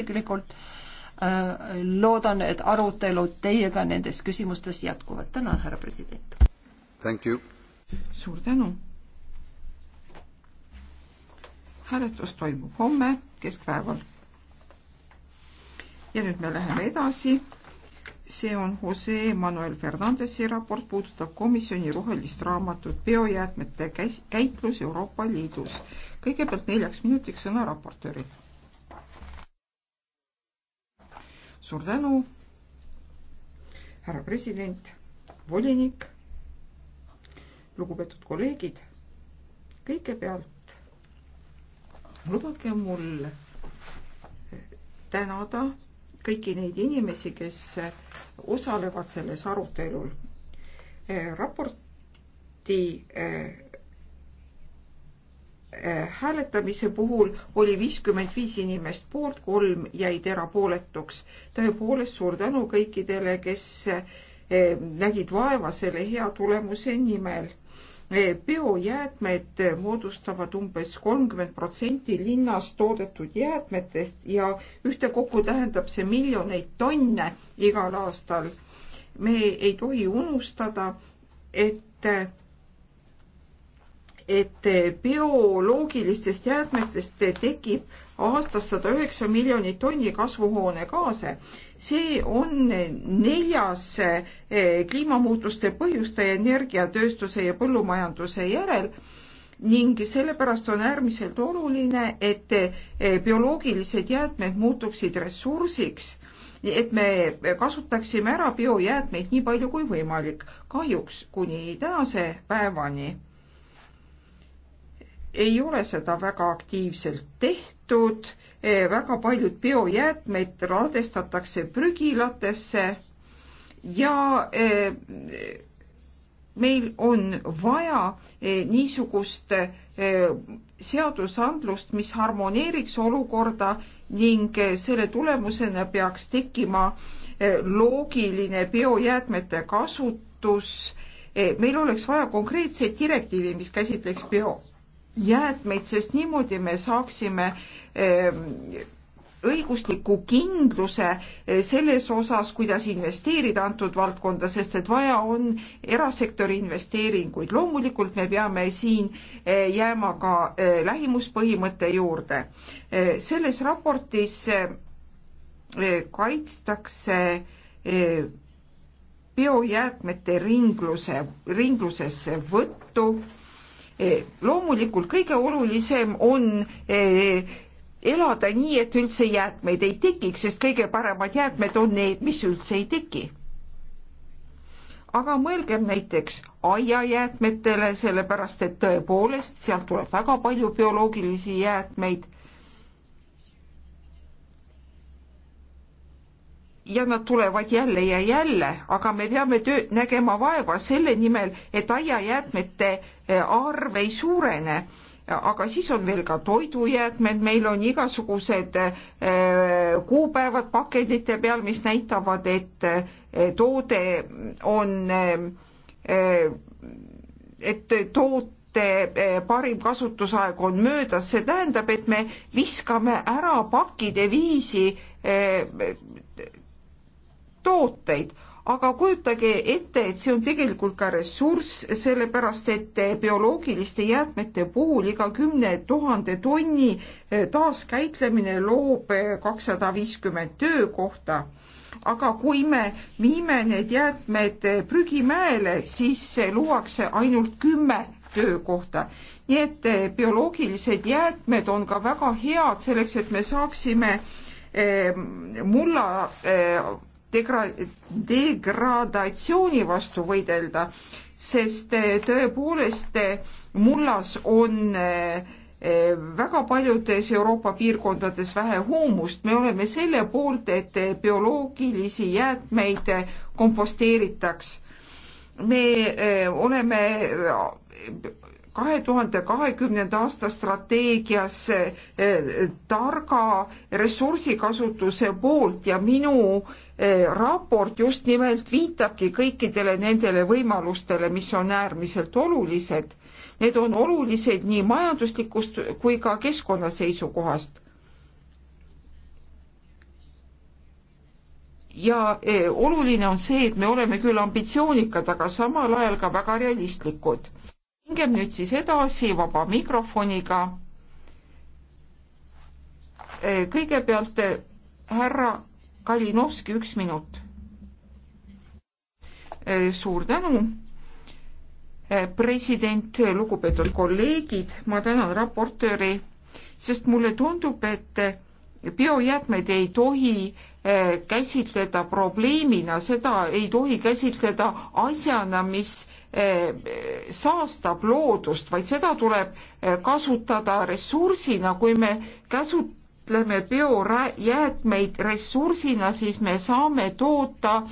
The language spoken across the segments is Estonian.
tegelikult äh, loodan, et arutelud teiega nendes küsimustes jätkuvad. tänan, härra president. suur tänu. hääletus toimub homme keskpäeval. ja nüüd me läheme edasi. see on Jose Manuel Fernandesi raport, puudutab komisjoni rohelist raamatut biojäätmete käitlus Euroopa Liidus. kõigepealt neljaks minutiks sõna raportöörile suur tänu, härra president, volinik, lugupeetud kolleegid. kõigepealt lubage mul tänada kõiki neid inimesi, kes osalevad selles arutelul. raporti eh, Äh, hääletamise puhul oli viiskümmend viis inimest poolt, kolm jäid erapooletuks. tõepoolest suur tänu kõikidele, kes äh, nägid vaeva selle hea tulemuse nimel. Äh, biojäätmed moodustavad umbes kolmkümmend protsenti linnas toodetud jäätmetest ja ühtekokku tähendab see miljoneid tonne igal aastal. me ei tohi unustada, et et bioloogilistest jäätmetest tekib aastas sada üheksa miljonit tonni kasvuhoonegaase. see on neljas eh, kliimamuutuste põhjustaja energiatööstuse ja põllumajanduse järel ning sellepärast on äärmiselt oluline, et eh, bioloogilised jäätmed muutuksid ressursiks, et me kasutaksime ära biojäätmeid nii palju kui võimalik. kahjuks kuni tänase päevani ei ole seda väga aktiivselt tehtud, e, väga paljud biojäätmeid ladestatakse prügilatesse ja e, meil on vaja e, niisugust seadusandlust, mis harmoneeriks olukorda ning selle tulemusena peaks tekkima loogiline biojäätmete kasutus. meil oleks vaja konkreetseid direktiivi, mis käsitleks bio jäätmeid, sest niimoodi me saaksime ehm, õigusliku kindluse eh, selles osas, kuidas investeerida antud valdkonda, sest et vaja on erasektori investeeringuid. loomulikult me peame siin eh, jääma ka eh, lähimuspõhimõtte juurde. selles raportis kaitstakse biojäätmete ringluse, ringlusesse võttu Eh, loomulikult kõige olulisem on eh, elada nii, et üldse jäätmeid ei tekiks, sest kõige paremad jäätmed on need, mis üldse ei teki. aga mõelgem näiteks aiajäätmetele, sellepärast et tõepoolest sealt tuleb väga palju bioloogilisi jäätmeid ja nad tulevad jälle ja jälle, aga me peame töö, nägema vaeva selle nimel, et aiajäätmete eh, arv ei suurene. aga siis on veel ka toidujäätmed, meil on igasugused eh, kuupäevad pakendite peal, mis näitavad, et eh, toode on, et toot parim kasutusaeg on möödas, see tähendab, et me viskame ära pakkide viisi tooteid, aga kujutage ette, et see on tegelikult ka ressurss, sellepärast et bioloogiliste jäätmete puhul iga kümne tuhande tonni eh, taaskäitlemine loob eh, kakssada viiskümmend töökohta. aga kui me viime need jäätmed eh, prügimäele, siis luuakse ainult kümme töökohta. nii et bioloogilised jäätmed on ka väga head selleks, et me saaksime mulla degra-, degradatsiooni vastu võidelda, sest eh, tõepoolest eh, mullas on eh, väga paljudes Euroopa piirkondades vähe huumust, me oleme selle poolt, et bioloogilisi jäätmeid komposteeritaks. me oleme kahe tuhande kahekümnenda aasta strateegias targa ressursikasutuse poolt ja minu Eh, raport just nimelt viitabki kõikidele nendele võimalustele, mis on äärmiselt olulised. Need on olulised nii majanduslikust kui ka keskkonna seisukohast. ja eh, oluline on see, et me oleme küll ambitsioonikad, aga samal ajal ka väga realistlikud. mingem nüüd siis edasi vaba mikrofoniga. Eh, kõigepealt härra Kalinovski, üks minut. Äh, suur tänu. Äh, president, lugupeetud kolleegid, ma tänan raportööri, sest mulle tundub, et äh, biojäätmed ei tohi käsitleda probleemina, seda ei tohi käsitleda asjana, mis saastab loodust, vaid seda tuleb kasutada ressursina, kui me käsu-, käsitleme biojäätmeid ressursina, siis me saame toota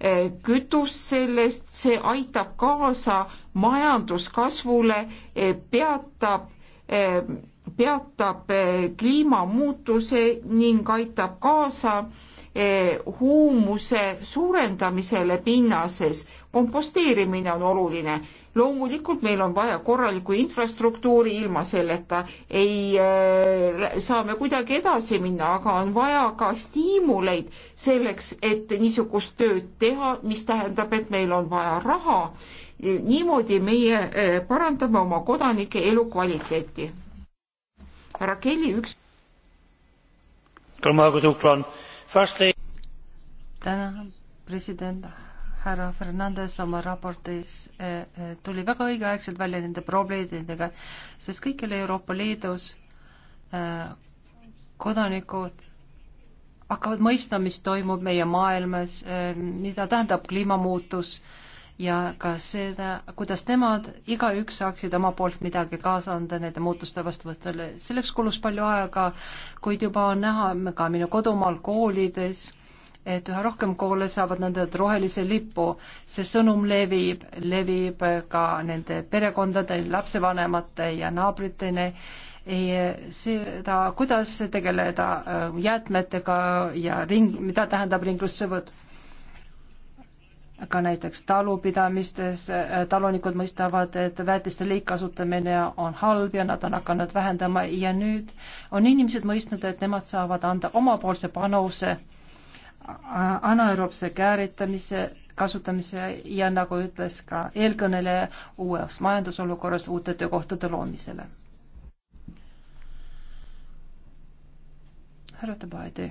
eh, kütust sellest, see aitab kaasa majanduskasvule, eh, peatab, eh, peatab kliimamuutuse ning aitab kaasa huumuse suurendamisele pinnases. komposteerimine on oluline loomulikult meil on vaja korralikku infrastruktuuri, ilma selleta ei äh, saa me kuidagi edasi minna, aga on vaja ka stiimuleid selleks, et niisugust tööd teha, mis tähendab, et meil on vaja raha. niimoodi meie äh, parandame oma kodanike elukvaliteeti. härra Kelly, üks. tänan, president härra Fernandes oma raportis eh, eh, tuli väga õigeaegselt välja nende probleemidega, sest kõikjal Euroopa Liidus eh, kodanikud hakkavad mõistma, mis toimub meie maailmas, mida tähendab kliimamuutus ja ka seda, kuidas nemad, igaüks saaksid oma poolt midagi kaasa anda nende muutuste vastuvõtule. selleks kulus palju aega, kuid juba on näha ka minu kodumaal koolides et üha rohkem koole saavad nende rohelise lipu. see sõnum levib, levib ka nende perekondade, lapsevanemate ja naabriteni. seda, kuidas tegeleda äh, jäätmetega ja ring, mida tähendab ringlussevõtt ka näiteks talupidamistes äh, talunikud mõistavad, et väetiste liigkasutamine on halb ja nad on hakanud vähendama ja nüüd on inimesed mõistnud, et nemad saavad anda omapoolse panuse äh, anaeroobse kääritamise kasutamise ja nagu ütles ka eelkõneleja, uues majandusolukorras uute töökohtade loomisele. härra Tabaidi.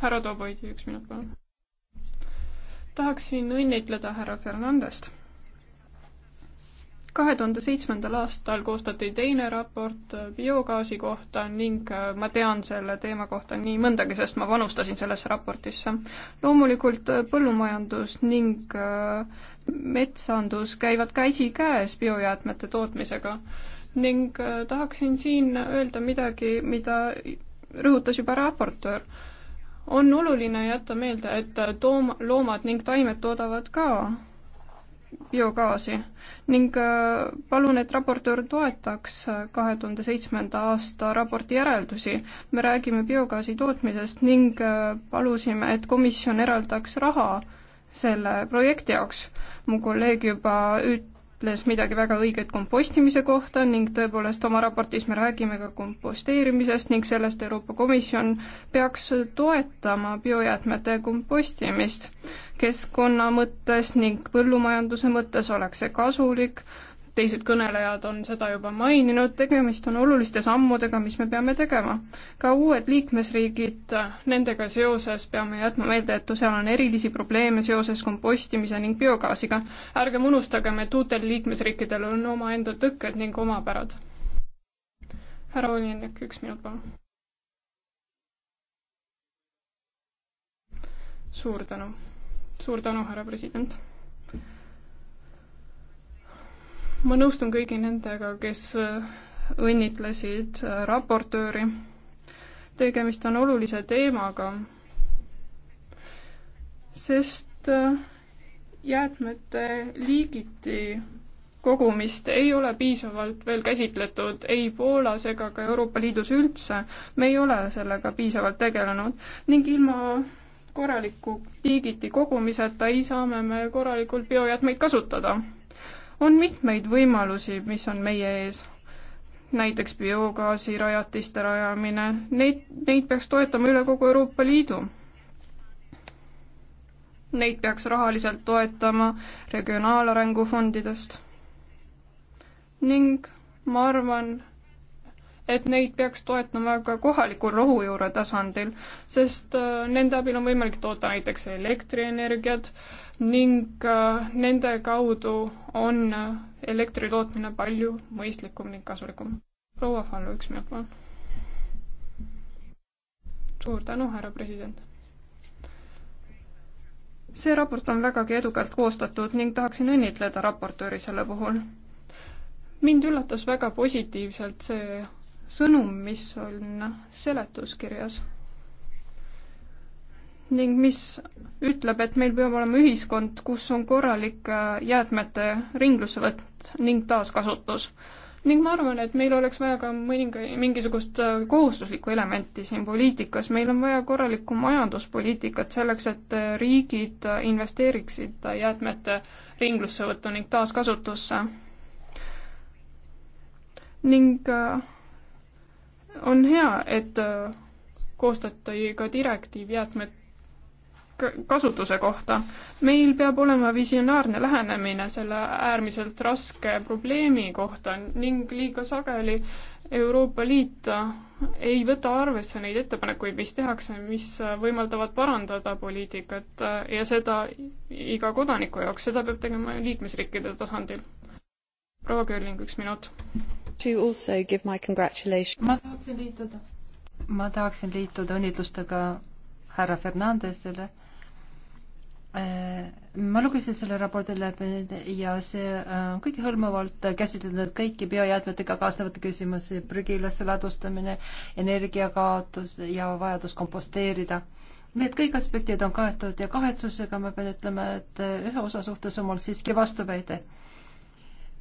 härra Tabaidi, üks minut palun. tahaksin õnnitleda härra Fernandest kahe tuhande seitsmendal aastal koostati teine raport äh, biogaasi kohta ning äh, ma tean selle teema kohta nii mõndagi, sest ma panustasin sellesse raportisse. loomulikult äh, põllumajandus ning metsandus käivad käsikäes biojäätmete tootmisega ning tahaksin siin öelda midagi, mida rõhutas juba raportöör on oluline jätta meelde, et toom-, loomad ning taimed toodavad ka biogaasi ning äh, palun, et raportöör toetaks äh, kahe tuhande seitsmenda aasta raporti järeldusi. me räägime biogaasi tootmisest ning äh, palusime, et komisjon eraldaks raha selle projekti jaoks. mu kolleeg juba üt-, ütles midagi väga õiget kompostimise kohta ning tõepoolest oma raportis me räägime ka komposteerimisest ning sellest Euroopa Komisjon peaks toetama biojäätmete kompostimist. keskkonna mõttes ning põllumajanduse mõttes oleks see kasulik teised kõnelejad on seda juba maininud, tegemist on oluliste sammudega, mis me peame tegema. ka uued liikmesriigid, nendega seoses peame jätma meelde, et seal on erilisi probleeme seoses kompostimise ning biogaasiga. ärgem unustagem, et uutel liikmesriikidel on omaenda tõkked ning omapärad. härra Olinek, üks minut, palun. suur tänu. suur tänu, härra president ma nõustun kõigi nendega, kes äh, õnnitlesid äh, raportööri. tegemist on olulise teemaga, sest äh, jäätmete liigiti kogumist ei ole piisavalt veel käsitletud ei Poolas ega ka Euroopa Liidus üldse. me ei ole sellega piisavalt tegelenud ning ilma korraliku liigiti kogumiseta ei saa me korralikult biojäätmeid kasutada on mitmeid võimalusi, mis on meie ees. näiteks biogaasi rajatiste rajamine, neid, neid peaks toetama üle kogu Euroopa Liidu. Neid peaks rahaliselt toetama regionaalarengu fondidest. ning ma arvan, et neid peaks toetama ka kohalikul rohujuure tasandil, sest äh, nende abil on võimalik toota näiteks elektrienergiat ning äh, nende kaudu on äh, elektri tootmine palju mõistlikum ning kasulikum. proua Fallo, üks minut palun. suur tänu, härra president see raport on vägagi edukalt koostatud ning tahaksin õnnitleda raportööri selle puhul. mind üllatas väga positiivselt see sõnum, mis on seletuskirjas ning mis ütleb, et meil peab olema ühiskond, kus on korralik äh, jäätmete ringlussevõtt ning taaskasutus. ning ma arvan, et meil oleks vaja ka mõninga, mingisugust äh, kohustuslikku elementi siin poliitikas, meil on vaja korralikku majanduspoliitikat selleks, et äh, riigid investeeriksid jäätmete ringlussevõttu ning taaskasutusse. ning äh, on hea, et äh, koostati ka direktiiv jäätmete kasutuse kohta. meil peab olema visionaarne lähenemine selle äärmiselt raske probleemi kohta ning liiga sageli Euroopa Liit äh, ei võta arvesse neid ettepanekuid, mis tehakse, mis äh, võimaldavad parandada poliitikat ja seda iga kodaniku jaoks, seda peab tegema liikmesriikide tasandil. proua Kööling, üks minut ma tahaksin liituda, ma tahaksin liituda õnnitlustega härra Fernandesele. Äh, ma lugesin selle raporti läbi ja see on äh, kõigehõlmavalt käsitlenud kõiki biojäätmetega kaasnevate küsimusi, prügilasse ladustamine, energiakaotus ja vajadus komposteerida Need kõik aspektid on kaetud ja kahetsusega ma pean ütlema, et ühe osa suhtes on mul siiski vastuväide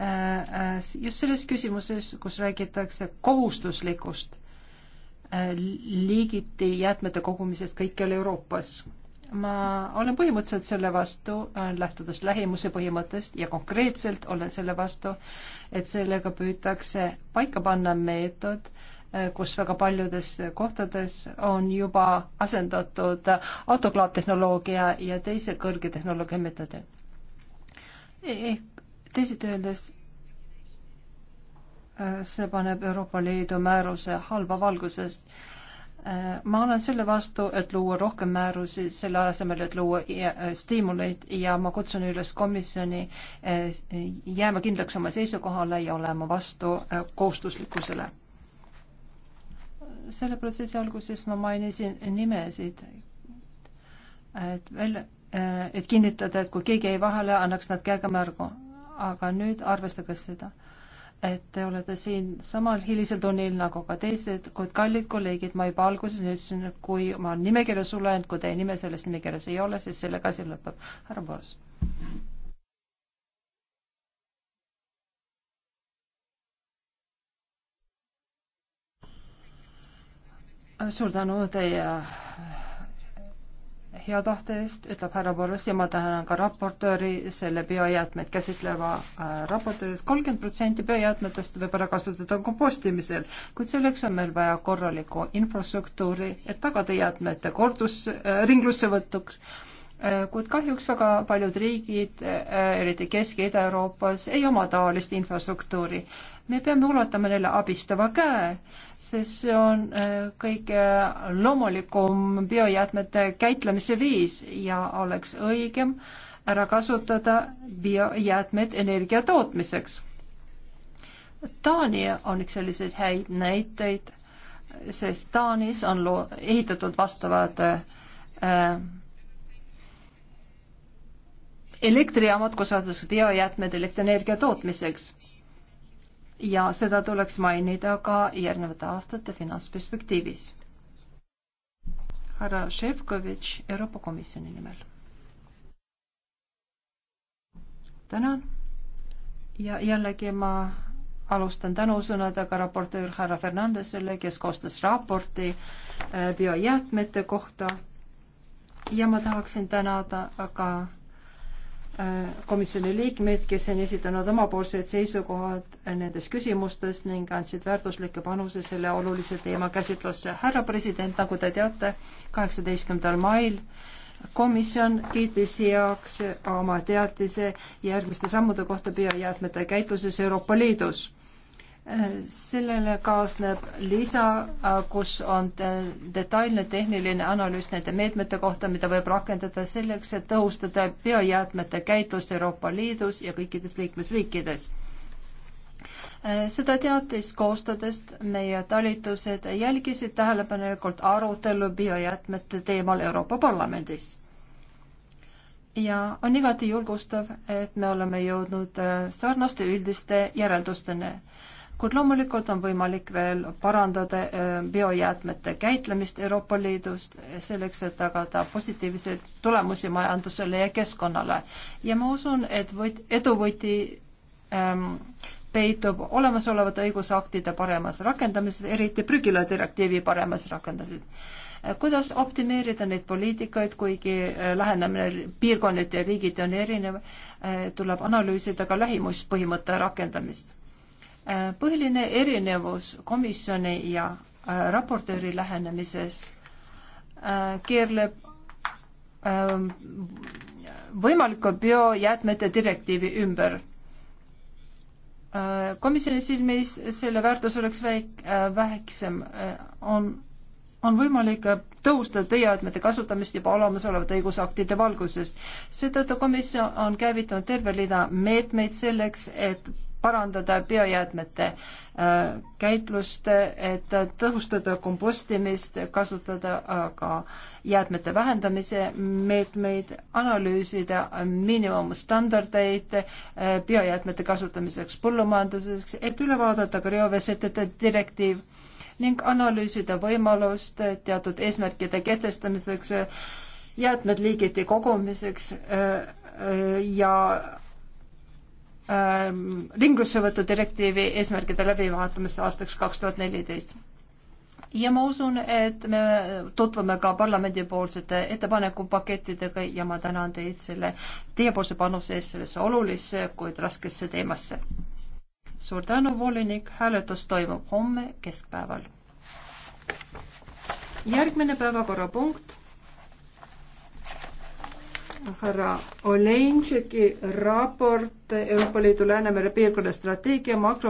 Äh, äh, just selles küsimuses, kus räägitakse kohustuslikust äh, liigiti jäätmete kogumisest kõikjal Euroopas. ma olen põhimõtteliselt selle vastu, lähtudes lähimuse põhimõttest ja konkreetselt olen selle vastu, et sellega püütakse paika panna meetod, kus väga paljudes kohtades on juba asendatud autoklaavtehnoloogia ja teise kõrge tehnoloogia meetodi. ehk eh, teisiti öeldes äh, see paneb Euroopa Liidu määruse halba valgusest. Äh, ma olen selle vastu, et luua rohkem määrusi, selle asemel, et luua äh, stiimuleid ja ma kutsun üles komisjoni jääma kindlaks oma seisukohale ja olema vastu kohustuslikkusele. selle protsessi alguses ma mainisin nimesid, et välja, et kinnitada, et kui keegi jäi vahele, annaks nad käega märgu aga nüüd arvestage seda, et te olete siin samal hilisel tunnil nagu ka teised, kuid kallid kolleegid, ma juba alguses ütlesin, et kui ma nimekirja sulen, kui teie nime selles nimekirjas ei ole, siis sellega asi lõpeb. härra Boris. suur tänu teie hea tahte eest, ütleb härra Boris ja ma tänan ka raportööri selle biojäätmeid käsitleva äh, raportööri, et kolmkümmend protsenti biojäätmetest võib ära kasutada kompostimisel, kuid selleks on meil vaja korralikku infrastruktuuri, et tagada jäätmete kordus äh,, ringlussevõtuks äh, Äh, kuid kahjuks väga paljud riigid, äh, eriti Kesk- ja Ida-Euroopas, ei oma taolist infrastruktuuri. me peame ulatama neile abistava käe, sest see on äh, kõige loomulikum biojäätmete käitlemise viis ja oleks õigem ära kasutada biojäätmed energia tootmiseks. Taani on üks selliseid häid näiteid, sest Taanis on loo-, ehitatud vastavad äh, elektrijaamad, kus asutatakse biojäätmed elektrienergia tootmiseks. ja seda tuleks mainida ka järgnevate aastate finantsperspektiivis. härra Šefkovitš Euroopa Komisjoni nimel. tänan ja jällegi ma alustan tänusõnadega raportöör härra Fernandesele, kes koostas raporti äh, biojäätmete kohta ja ma tahaksin tänada ka Äh, komisjoni liikmeid, kes on esitanud omapoolsed seisukohad nendes küsimustes ning andsid väärtuslikke panuse selle olulise teema käsitlusse. härra president, nagu te teate, kaheksateistkümnendal mail komisjon kiitis heaks oma teatise järgmiste sammude kohta biojäätmete käitluses Euroopa Liidus sellele kaasneb lisa, äh, kus on detailne tehniline analüüs nende meetmete kohta, mida võib rakendada selleks, et tõhustada biojäätmete käitlust Euroopa Liidus ja kõikides liikmesriikides. Äh, seda teatist koostades meie talitused jälgisid tähelepanelikult arutelu biojäätmete teemal Euroopa Parlamendis ja on igati julgustav, et me oleme jõudnud äh, sarnaste üldiste järeldusteni kuid loomulikult on võimalik veel parandada äh, biojäätmete käitlemist Euroopa Liidust äh, selleks, et tagada positiivseid tulemusi majandusele ja keskkonnale. ja ma usun, et võit, edu võti ähm, peitub olemasolevate õigusaktide paremas rakendamises, eriti prügila direktiivi paremas rakendamises äh, kuidas optimeerida neid poliitikaid, kuigi lähenemine piirkonniti ja riigiti on erinev, tuleb analüüsida ka lähimuspõhimõtte rakendamist põhiline erinevus komisjoni ja äh, raportööri lähenemises äh, keerleb ähm, võimaliku biojäätmete direktiivi ümber. Äh, komisjoni silmis selle väärtus oleks väik-, väiksem, on, on võimalik tõusta biojäätmete kasutamist juba olemasolevate õigusaktide valguses. seetõttu komisjon on käivitanud terve rida meetmeid selleks, et parandada biojäätmete äh, käitlust, et tõhustada kompostimist, kasutada äh, ka jäätmete vähendamise meetmeid, analüüsida miinimumstandardeid äh, biojäätmete kasutamiseks põllumajanduseks, et üle vaadata ka reoveesetete direktiiv ning analüüsida võimalust teatud eesmärkide kehtestamiseks, jäätmed liigiti kogumiseks ja Ähm, ringlussevõtu direktiivi eesmärkide läbivaatamist aastaks kaks tuhat neliteist. ja ma usun, et me tutvume ka parlamendipoolsete ettepanekupakettidega ja ma tänan teid selle teiepoolse panuse eest sellesse olulisse, kuid raskesse teemasse. suur tänu, volinik, hääletus toimub homme keskpäeval. järgmine päevakorrapunkt härra Oleinšeki raport Euroopa Liidu Läänemere piirkonna strateegia makro